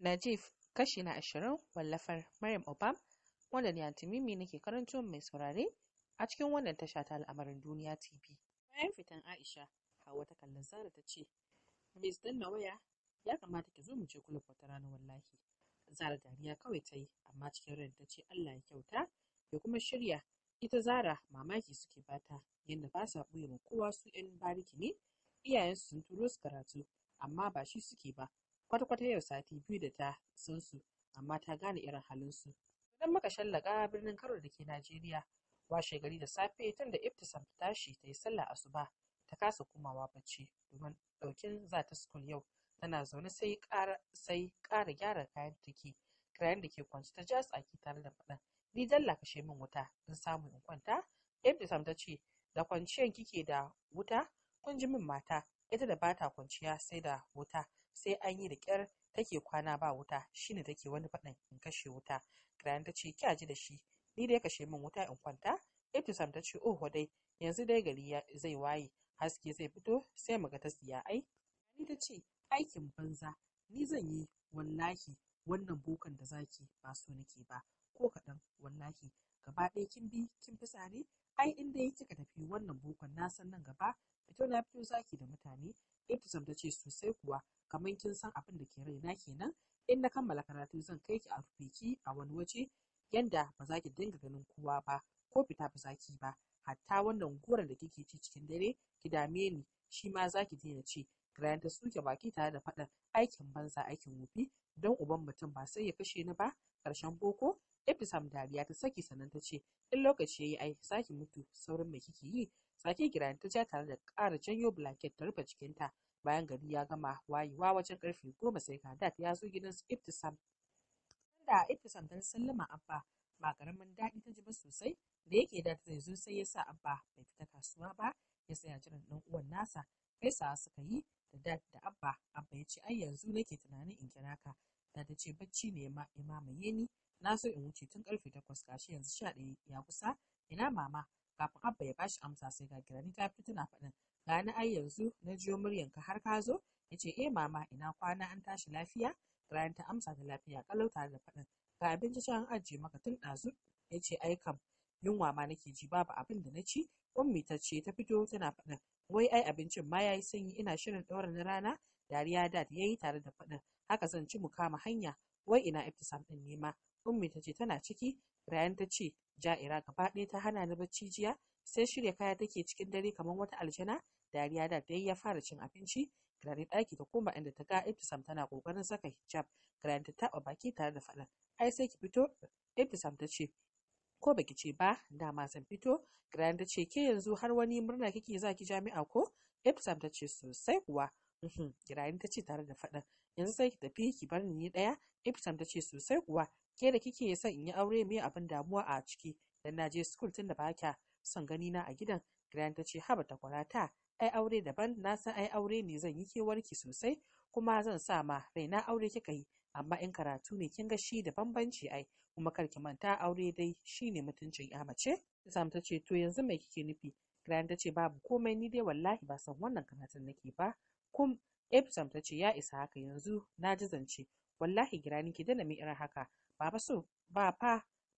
Najif, kashi na ashirin wallafar Maryam Obam wanda ni Antimimi nake karanto mai saurare a cikin wannan tasha ta al'amarin duniya TV. Bayan fitan Aisha, Hauwa ta kallon Zara ta ce, Miss danna waya ya kamata ki zo mu je kulub wata rana wallahi. Zara dariya kawai ta yi amma cikin ran ta ce Allah ya kyauta ya kuma shirya ita Zara mamaki suke bata yadda ba sa ɓoye kowa su 'yan bariki ne iyayensu sun turo su karatu amma ba shi suke ba kwata-kwata yau sati biyu da ta san su amma ta gane irin su. idan muka shallaka birnin karo da ke najeriya washe gari da safe tun da iftisam ta tashi ta yi sallah asuba ta kasa komawa bacci domin ɗaukin za ta sukul yau tana zaune sai ƙara sai ƙara gyara kayan take kayan da ke kwance ta ja tsaki tare da faɗa ni dalla kashe min wuta in samu in kwanta iftisam ta ce da kwanciyan kike da wuta kun ji min mata ita da bata kwanciya sai da wuta sai an yi da ƙyar take kwana ba wuta shi shine take wani faɗan in kashe wuta Grayan ta ce kya ji da shi ni dai kashe min wuta in kwanta Ibtisam ta ce oh dai yanzu dai gari zai waye haske zai fito sai mu ga ta siya ai ni ta ce aikin banza ni zan yi wallahi wannan bokan da zaki ba so nake ba ko kaɗan wallahi gaba ɗaya kin bi kin fi ni? ai inda yake kika tafi wannan bokan na san nan gaba fito na fito zaki da mutane Ibtisam ta ce sosai kuwa kamar kin san abin da ke raina kenan in na kammala karatu zan kai ki a rufe a wani waje yanda ba za ki dinga ganin kowa ba ko fita ba za ki ba hatta wannan goron da kike ci cikin dare ki dame ni shi ma za ki daina ci Grant ta suke baki tare da faɗan aikin banza aikin wufi don uban mutum ba sai ya kashe ni ba ƙarshen boko Ibtisam dariya ta saki sannan ta ce in lokaci ya yi ai saki mutu saurin mai kike yi Baki Girani ta ja tare da ƙara janyo blanket ta rufe cikinta bayan gari ya gama wayewa wajen karfe goma sai Kadat ya zo gidan su Ibtisam. Da Ibtisam ta sallama Abba ba ƙaramin daɗi ta ji ba sosai da yake da ta zo sai ya sa Abba bai fita kasuwa ba ya saya jiran ɗan uwan nasa kai sa suka yi da Dad da Abba Abba ya ce ai yanzu nake tunanin in kira ka da ta ce bacci ne ma imamaye ni na so in wuce tun karfe takwas gashi yanzu sha ɗaya ya kusa ina mama kafin abba ya bashi amsa sai ga girani ta fito tana faɗin ga ni ai yanzu na jiyo ka har ka zo ya ce eh mama ina kwana an tashi lafiya girani ta amsa da lafiya kalau tare da faɗin ga abinci can an ajiye maka tun ɗazu ya ce ai kam yunwa ma nake ji babu abin da na ci ummi ta ce ta fito tana faɗin wai ai abincin ma yayi sanyi ina shirin ɗaura na rana dariya dad yayi tare da faɗin haka zan ci mu kama hanya wai ina iftisam ɗin nema ummi ta ce tana ciki Rayan ta ce Ja'ira gaba ɗaya ta hana ni bacci jiya sai shirya kaya take cikin dare kamar wata aljana dariya da dai ya fara cin abinci Kirani ɗaki ta koma inda ta ga Ibtisam tana ƙoƙarin saka hijab. Kirani ta taɓa baki tare da faɗin. Ai sai ki fito. Ibtisam ta ce. Ko baki ce ba, dama san fito. Kirani ta ce ke yanzu har wani murna kike za ki jami'a ko? Ibtisam ta ce sosai kuwa. Kirani uhm. ta ce tare da faɗin. Yanzu sai ki tafi ki bar ni ɗaya. Ibtisam ta ce sosai kuwa. ke da kike son in yi aure me abin damuwa a ciki dan na je school tun da ba kya son gani na a gidan Grand ta ce haba ta kwarata ai aure daban na san ai aure ne zan yi kewarki sosai kuma zan sa ma Rai na aure kika yi amma in karatu ne kin ga shi da bambanci ai kuma kar ki manta aure dai shine mutuncin ya mace Sam ta ce to yanzu mai kike nufi Grand ta ce babu komai ni dai wallahi ba san wannan karatun nake ba kum Ibsam ta ce ya isa haka yanzu na ji zance wallahi girani ki na mi irin haka Baba fa so ba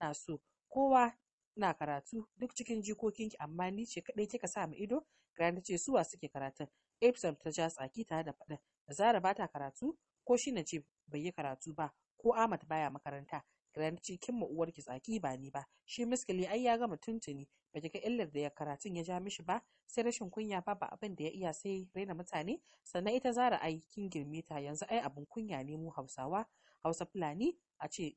na so kowa na karatu duk cikin jikokinki amma ni ce kadai kika sa mu ido girani ce wa suke karatu. Epsom ta ja tsaki tare da faɗin da Zara ba ta karatu ko shi na ce bai yi karatu ba ko Ahmad baya makaranta Granci kin mu uwarki tsaki ba ni ba. Shi miskili ai ya gama tuntuni. Ba ga illar da ya karatun ya ja mishi ba, sai rashin kunya ba ba abin da ya iya sai raina mutane. Sannan ita Zara ai kin girme ta yanzu ai abin kunya ne mu Hausawa. Hausa Fulani a ce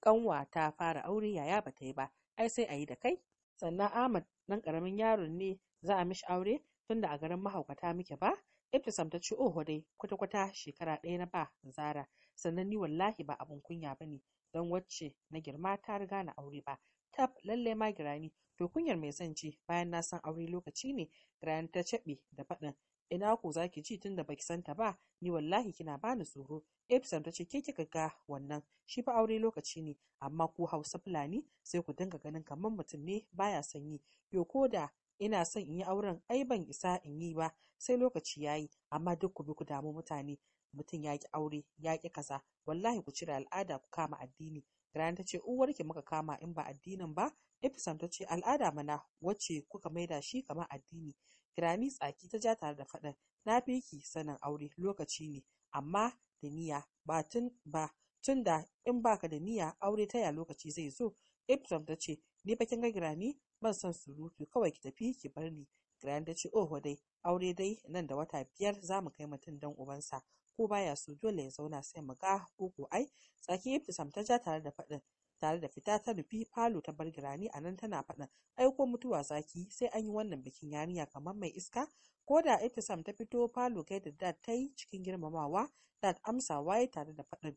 kanwa ta fara aure yaya ba ta yi ba. Ai sai a yi da kai. Sannan Ahmad dan karamin yaron ne za a mishi aure tunda a garin mahaukata muke ba. Ibtisam ta ce oho dai kwata-kwata shekara ɗaya na ba Zara sannan ni wallahi ba abin kunya ba ne don wacce na girma ta riga na aure ba tab lalle ma girani to kunyar mai son ce bayan na san aure lokaci ne girani ta caɓe da faɗin ina ku zaki ji tunda baki ta ba ni wallahi kina bani tsoro Epson ta ce ke kika ga wannan shi fa aure lokaci ne amma ku Hausa Fulani sai ku dinga ganin kamar mutum ne baya sanyi ko da ina son in yi auren ai ban isa in yi ba sai lokaci yayi amma duk ku bi ku damu mutane mutum ya ki aure ya ki kaza wallahi ku cire al'ada ku kama addini Rana ta ce uwarki muka kama in ba addinin ba ifisan ta ce al'ada mana wacce kuka maida shi kamar addini Kirani tsaki ta ja tare da faɗin na fi ki sanin aure lokaci ne amma da niyya ba tun ba tun da in baka da niyya aure ta taya lokaci zai zo ifisan ta ce ni fa kin ga Kirani ban son surutu kawai ki tafi ki bar ni Kirani ta ce oho dai aure dai nan da wata biyar za mu kai mutum dan ubansa ko baya so dole ya zauna sai mu ga koko ai tsaki yafi ta ja tare da faɗin tare da fita ta nufi falo ta bar girani a nan tana faɗin ko mutuwa zaki sai an yi wannan bikin yariya kamar mai iska ko da sam ta fito falo kai da dad ta yi cikin girmamawa dad amsa waye tare da faɗin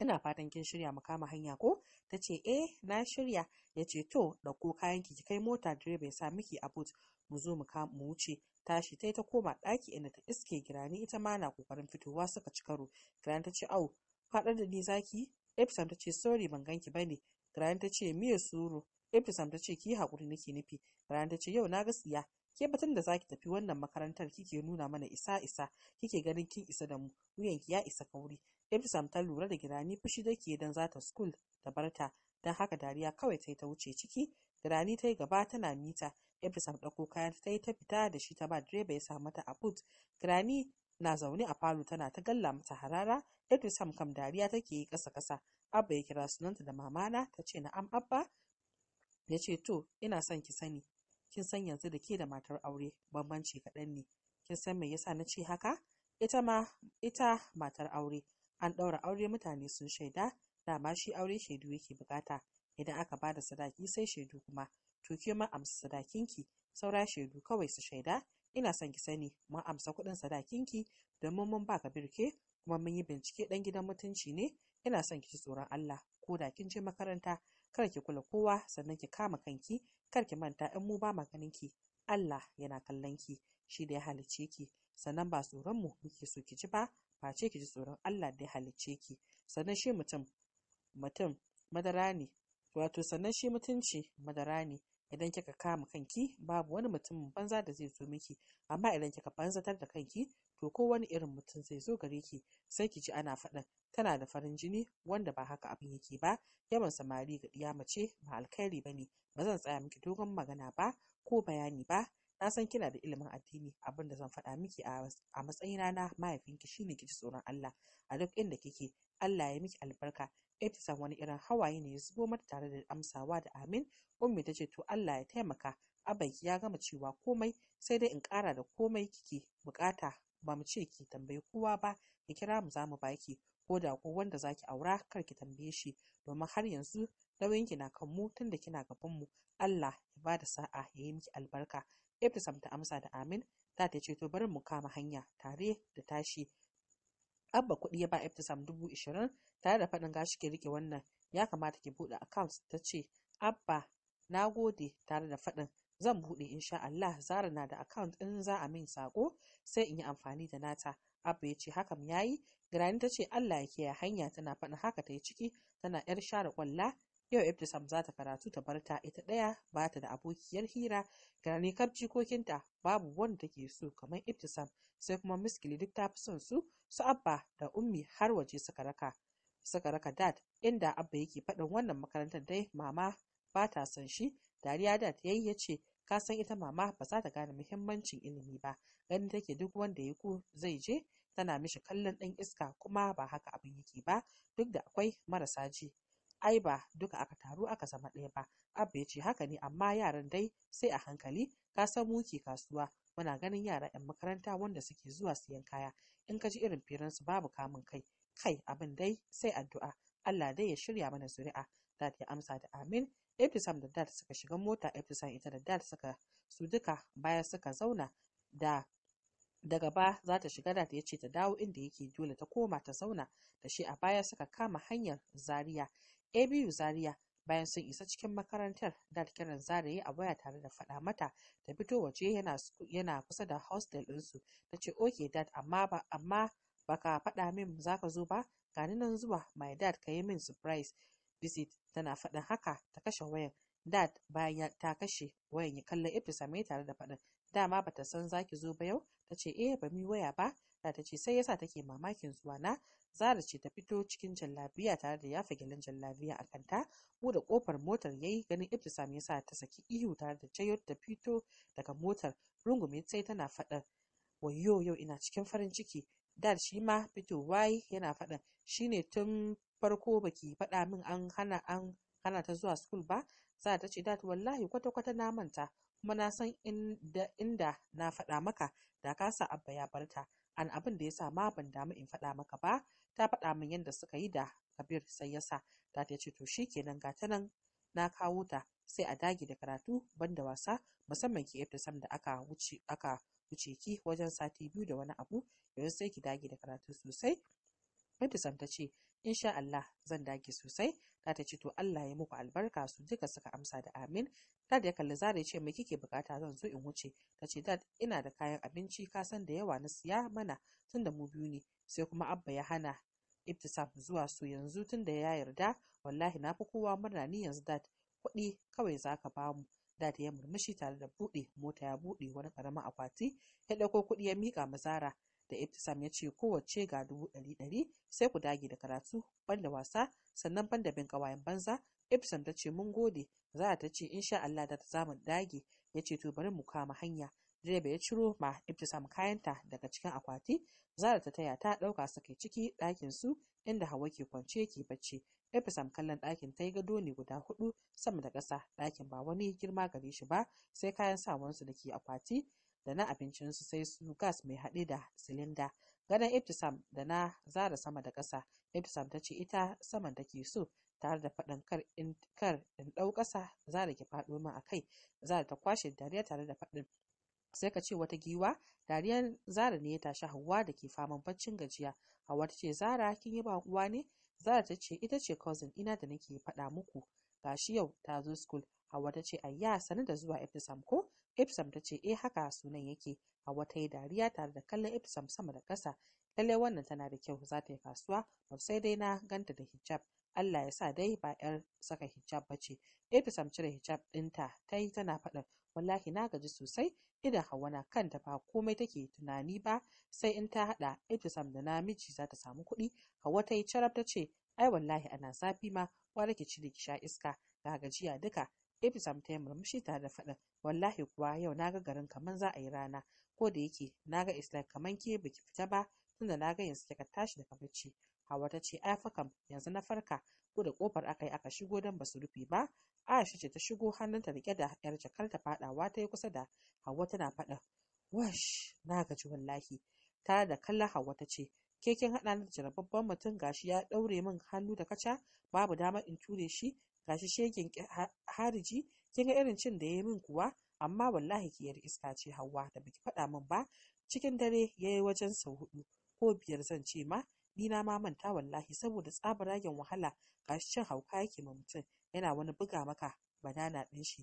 ina fatan kin shirya mu kama hanya ko ta ce eh na shirya ya ce to ɗauko kayan ki kai mota direba ya sa miki a boot mu zo mu mu wuce tashi tai ta koma ɗaki inda ta iske girani ita ma na kokarin fitowa suka ci karo girani ta ce au faɗar da ni zaki epsom ta ce sorry ban ganki bane girani ta ce miye suru epsom ta ce ki haƙuri nake nufi girani ta ce yau na gaskiya ke batun da zaki tafi wannan makarantar kike nuna mana isa isa kike ganin kin isa da mu wuyanki ya isa kauri Ibsam ta lura da Girani fushi take don zata ta skul ta barta, don haka dariya kawai ta yi ta wuce ciki, Girani ta yi gaba tana mita, Ibsam ɗauko kayan ta yi ta fita da shi ta ba direba ya sa mata a boot. Girani na zaune a falo tana ta galla mata harara, Ibsam kam dariya take yi ƙasa-ƙasa. Abba ya kira sunanta da mamana ta ce na'am Abba, ya ce to ina son ki sani, kin san yanzu da ke da matar aure bambanci kaɗan ne, kin san me yasa na ce haka? Ita ma ita matar aure an ɗaura aure mutane sun shaida dama shi aure shaidu yake bukata idan aka ba da sadaki sai shaidu kuma to ke ma amsa sadakinki saura shaidu kawai su shaida ina son ki sani mun amsa kuɗin sadakin ki? domin mun ba ka birke kuma mun yi bincike ɗan gidan mutunci ne ina son ki ci tsoron Allah ko da kin je makaranta kar ki kula kowa sannan ki kama kanki kar ki manta in mu ba maganin ki Allah yana kallon ki shi da ya halicce ki sannan ba tsoron mu muke so ki ji ba face ki ji tsoron Allah da ya halicce ki sannan shi mutum mutum madara ne wato sannan shi mutunci madara ne idan kika kama kanki babu wani mutumin banza da zai zo miki amma idan kika banzatar da kanki to ko wani irin mutum zai zo gare ki sai ki ji ana faɗan tana da farin jini wanda ba haka abin yake ba yawan samari ga ɗiya mace ba alkhairi bane. ne ba zan tsaya miki dogon magana ba ko bayani ba na san kina da ilimin addini abin da zan faɗa miki a matsayina na mahaifinki shine kiji tsoron Allah a duk inda kike Allah ya miki albarka Ibtisam wani irin hawaye ne ya zubo mata tare da amsawa da amin ummi ta ce to Allah ya taimaka abanki ya gama cewa komai sai dai in kara da komai kike bukata ba mu ce ki tambayi kowa ba ki kira mu za mu baki ko da ko wanda zaki aura kar ki tambaye shi domin har yanzu nauyin ki na kan mu tunda kina gaban mu Allah ya bada sa'a ya yi miki albarka Ibtisam ta amsa da amin, ta ta ce to bari mu kama hanya tare da tashi. Abba kuɗi ya ba Ibtisam dubu ishirin tare da faɗin gashi ke rike wannan ya kamata ki buɗe account ta ce Abba na gode tare da faɗin zan buɗe insha Allah Zara na da account in za a min sako sai in yi amfani da nata Abba ya ce hakan yayi Girani ta ce Allah ya kiyaye hanya tana faɗin haka ta yi ciki tana yar share kwalla Yau Ibtisam za ta karatu ta bar ta ita ɗaya ba ta da abokiyar hira ga nikar jikokinta babu wanda take so kamar Ibtisam sai kuma miskili duk ta fi son su su abba da ummi har waje suka raka. Suka raka dad inda abba yake faɗin wannan makarantar dai mama ba ta son shi dariya dad yayi ya ce ka san ita mama ba za ta gane muhimmancin ilimi ba ganin take duk wanda ya ku zai je tana mishi kallon ɗan iska kuma ba haka abin yake ba duk da akwai marasa ji ai ba duka aka taru aka zama ɗaya ba abba ya ce haka ne amma yaran dai sai a hankali ka san muke kasuwa muna ganin yara 'yan makaranta wanda suke zuwa siyan kaya in ka ji irin firansu babu kamun kai kai abin dai sai addu'a Allah dai ya shirya mana zuri'a dad ya amsa da amin Ibtisam da dad suka shiga mota Ibtisam ita da dad suka su duka baya suka zauna da daga ba za ta shiga da ya ce ta dawo inda yake dole ta koma ta zauna da shi a baya suka kama hanyar zaria abu Zaria bayan sun isa cikin makarantar dad kiran Zara yi a waya tare da faɗa mata ta fito waje yana yana kusa da hostel ɗinsu ta ce ok dad amma ba amma baka faɗa min za ka zo ba gani nan zuwa my dad ka yi min surprise visit tana faɗin haka ta kashe wayan dad bayan ta kashe wayan ya kalla Ibtisam tare da faɗin dama bata san zaki zo ba yau ta ce eh ba mi waya ba ta ce sai yasa take mamakin zuwa na Zara ce ta fito cikin jallabiya tare da yafa gyalen jallabiya a kanta da kofar motar yayi ganin Ibtisam yasa ta saki ihu tare da ce ta fito daga motar rungume sai tana faɗa wayo yau ina cikin farin ciki da shi ma fito wai yana faɗa shine tun farko baki faɗa min an hana an hana ta zuwa school ba za ta ce dat wallahi kwata-kwata na manta kuma na san inda na faɗa maka da kasa abba ya barta an abin da yasa ma ban damu in faɗa maka ba ta faɗa min yadda suka yi da kabir sai yasa ta ta ce to shikenan ga ta nan na kawo ta sai a dage da karatu banda wasa musamman ki sam da aka wuce aka wuce ki wajen sati biyu da wani abu yanzu sai ki dage da karatu sosai sam ta ce insha Allah zan dage sosai ta ta ce to Allah ya muku albarka su duka suka amsa da amin da ya kalli zara ya ce me kike bukata zan zo in wuce ta ce dad ina da kayan abinci ka san da yawa na siya mana tun da mu biyu ne sai kuma abba ya hana ibtisam zuwa su yanzu tun da ya yarda wallahi na fi kowa murna ni yanzu dad kuɗi kawai za zaka bamu da ta ya murmushi tare da buɗe mota ya buɗe wani ƙaramin akwati ya ɗauko kuɗi ya miƙa mazara da Ibtisam ya ce kowace ga dubu ɗari ɗari sai ku dage da karatu banda wasa sannan banda bin ƙawayen banza Ibtisam ta ce mun gode za ta ce sha Allah da ta mu dage ya ce to bari mu kama hanya direba ya ciro ma Ibtisam kayanta daga cikin akwati Zara ta taya ta ɗauka su ciki ɗakin su inda Hawa ke kwance ke bacci Ibtisam kallon ɗakin ta yi gado ne guda hudu sama da ƙasa ɗakin ba wani girma gare shi ba sai kayan sawansu da ke akwati da na abincinsu sai su gas mai haɗe da silinda ganin ibtisam da na zara sama da ƙasa ibtisam ta ce ita saman take so tare da faɗin kar in kar in ɗau ƙasa zara ki faɗo min a kai zara ta kwashe dariya tare da faɗin sai ka ce wata giwa dariyar zara ne ya tashi hawa da ke faman baccin gajiya hawa ta ce zara kin yi baƙuwa ne zara ta ce ita ce cousin ina da nake faɗa muku Ga shi yau ta zo school hawa ta ce ayya sanin da zuwa ibtisam ko Ipsam ta ce, "Eh haka sunan yake." a wata yi dariya tare da kallon Ipsam sama da ƙasa. Lallai wannan tana da kyau za ta yi kasuwa, ba sai dai na ganta da hijab. Allah ya sa dai ba 'yar saka hijab ba ce. Ipsam cire hijab ɗinta ta yi tana faɗin, wallahi na gaji sosai, idan Hauwa na kanta ba komai take tunani ba, sai in ta haɗa Ipsam da namiji za ta samu kuɗi. Hauwa ta yi carab ta ce, ai wallahi ana zafi ma, wa ki da ki sha iska, ga gajiya duka, Ibsam ta yi murmushi tare da faɗin wallahi kuwa yau na ga garin kaman za a yi rana ko da yake na ga Islam kaman ke biki fita ba tunda na ga yanzu kika tashi daga bacci. Hawa ta ce ai fakam yanzu na farka ko da kofar aka yi aka shigo don ba su rufe ba. Aisha ce ta shigo hannunta rike da yar jakar ta faɗawa ta yi kusa da Hauwa tana faɗa wash na gaji wallahi tare da kallon Hauwa ta ce ke haɗa ni da jarababban mutum gashi ya ɗaure min hannu da kaca babu damar in ture shi gashi shegin hariji kin ga irin cin da ya yi min kuwa amma wallahi kiyar iska ce Hauwa, da baki faɗa min ba cikin dare ya yi wajen sau huɗu, ko biyar zan ce ma ni na ma manta wallahi saboda tsabaragen wahala gashi cin hauka yake ma mutum yana wani buga maka banana ɗin shi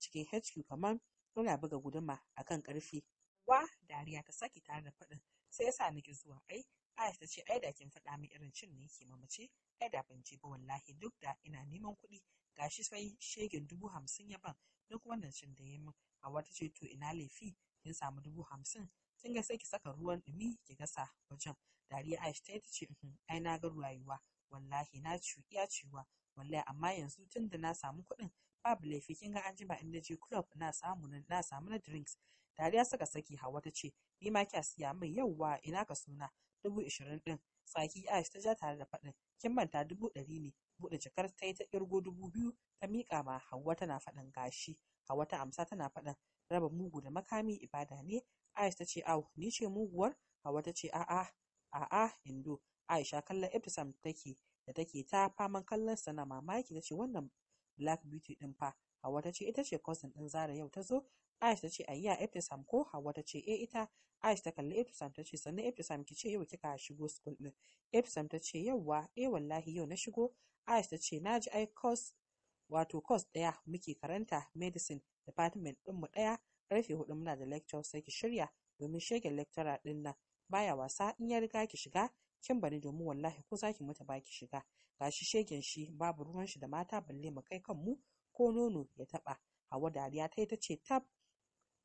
cikin HQ kamar yana buga guduma akan ƙarfe. Wa dariya ta sake tare da faɗin sai yasa nake zuwa ai Aya ta ce ai da kin faɗa min irin cin ne ke mamace ai da ban je ba wallahi duk da ina neman kuɗi gashi sai shegin dubu hamsin ya ban duk wannan cin da ya min Hauwa ta ce to ina laifi kin samu dubu hamsin kin ga sai ki saka ruwan ɗumi ki gasa wajen dariya Aisha ta ta ce ai na ga rayuwa wallahi na iya ciwa wallahi amma yanzu tun da na samu kuɗin babu laifi kin ga an jima in na je club na samu na samu na drinks dariya suka saki Hauwa ta ce ni ma kya siya min yauwa ina ka suna dubu ishirin ɗin tsaki Aisha ta ja tare da faɗin kin manta dubu ɗari ne buɗe jakar ta yi ta ƙirgo dubu biyu ta miƙa ma Hauwa tana faɗin gashi Hauwa ta amsa tana faɗin raba mugu da makami ibada ne Aisha ta ce au ni ce muguwar Hauwa ta ce a'a a'a indo Aisha kallon Ibtisam take da take ta faman kallon sa na mamaki ta ce wannan Black Beauty din fa Hauwa ta ce ita ce cousin din Zara yau ta zo Aisha ta ce a ayya Ibtisam ko Hawwa ta ce e ita Aisha ta kalli Ibtisam ta ce sannan Ibtisam ki ce yau kika shigo school din Ibtisam ta ce yauwa eh wallahi yau na shigo Aisha ta ce na ji ai course wato course ɗaya muke karanta medicine department din mu ɗaya karfe hudu muna da lecture sai ki shirya domin shegen lecturer din nan baya wasa in ya riga ki shiga kin bani domin wallahi ko zaki mutu ba ki shiga gashi shegen shi babu ruwan shi da mata balle mu kai kanmu ko nono ya taɓa Hauwa dariya ta yi ta ce tab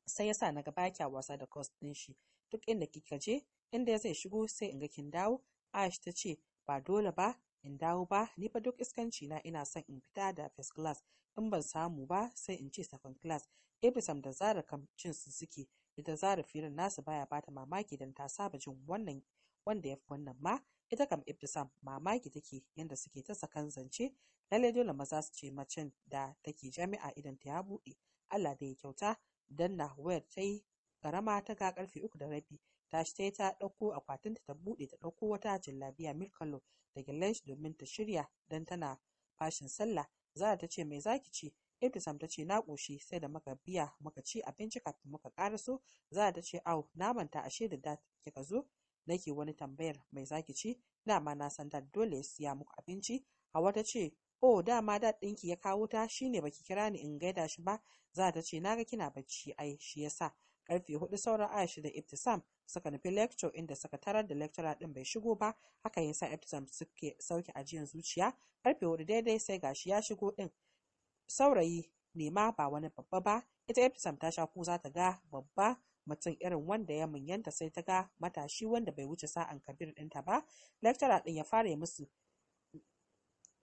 sai ya yasa na gaba kya wasa da cost ɗin shi duk inda kika je inda zai shigo sai in ga kin dawo aisha ta ce ba dole ba in dawo ba ni fa duk iskanci na ina son in fita da first class in ban samu ba sai in ce second class Ibrisam da Zara kam cin su suke ita Zara filin nasu baya bata mamaki dan ta saba jin wannan wanda ya fi wannan ma ita kam Ibrisam mamaki take yanda suke ta sakan zance lalle dole maza su ce macen da take jami'a idan ta ya buɗe Allah da ya kyauta danna wayar tayi ƙarama ta ga ƙarfe uku da rabi tashi shi ta ɗauko akwatinta ta buɗe ta ɗauko wata jallabiya milkalo da gyalen domin ta shirya dan tana fashin sallah Zara ta ce mai zaki ci Ibtisam ta ce na ƙoshi sai da muka biya muka ci abinci kafin muka ƙaraso Zara ta ce au na manta ashe da dat kika zo nake wani tambayar mai zaki ci dama na san dat dole ya siya muku abinci hawa ta ce Oh, dama dad ɗinki ya kawo ta shi ne baki kira ni in gaida shi ba, za ta ce naga kina bacci ai shi yasa. Karfe hudu sauran Aisha da Ibtisam suka nufi lecture inda suka tarar da lecturer din bai shigo ba, haka yasa Ibtisam suke sauke ajiyan zuciya. Karfe hudu daidai sai gashi ya shigo din. Saurayi ne ma ba wani babba ba, ita Ibtisam ta sha ko za ta ga babba mutum irin wanda ya munyanta sai ta ga matashi wanda bai wuce sa'an kabir ɗinta ba lecturer ɗin ya fara musu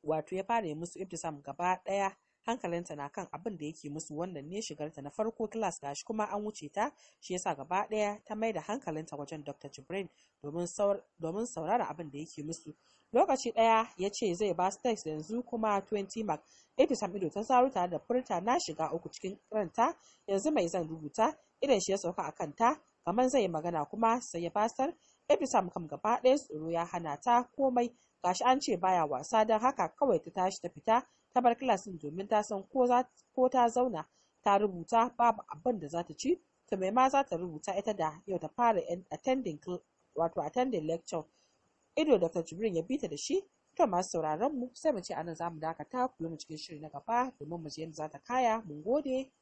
wato ya fara yi musu ibtisam gaba ɗaya hankalinta na kan abin da yake musu wannan ne shigarta na farko kilas gashi kuma an wuce ta shi yasa gaba ɗaya ta mai da hankalinta wajen dr jibrin domin saurara abin da yake musu lokaci ɗaya ya ce zai ba su text yanzu kuma 20 mark ibtisam ido ta zaro tare da furta na shiga uku cikin ranta yanzu mai zan rubuta idan shi ya sauka a kanta kamar zai magana kuma sai ya basar ibtisam kam gaba ɗaya tsoro ya hana ta komai gashi an ce baya wasa don haka kawai ta tashi ta fita ta bar kilasin domin ta san ko ta zauna ta rubuta babu abin da za ta ci to mai ma za ta rubuta ita da yau ta fara attending wato attending lecture ido Dr. Jibrin ya bita da shi to masu sauraron mu sai mu ce anan zamu dakata ku mu cikin shiri na gaba domin mu ji yadda za ta kaya mun gode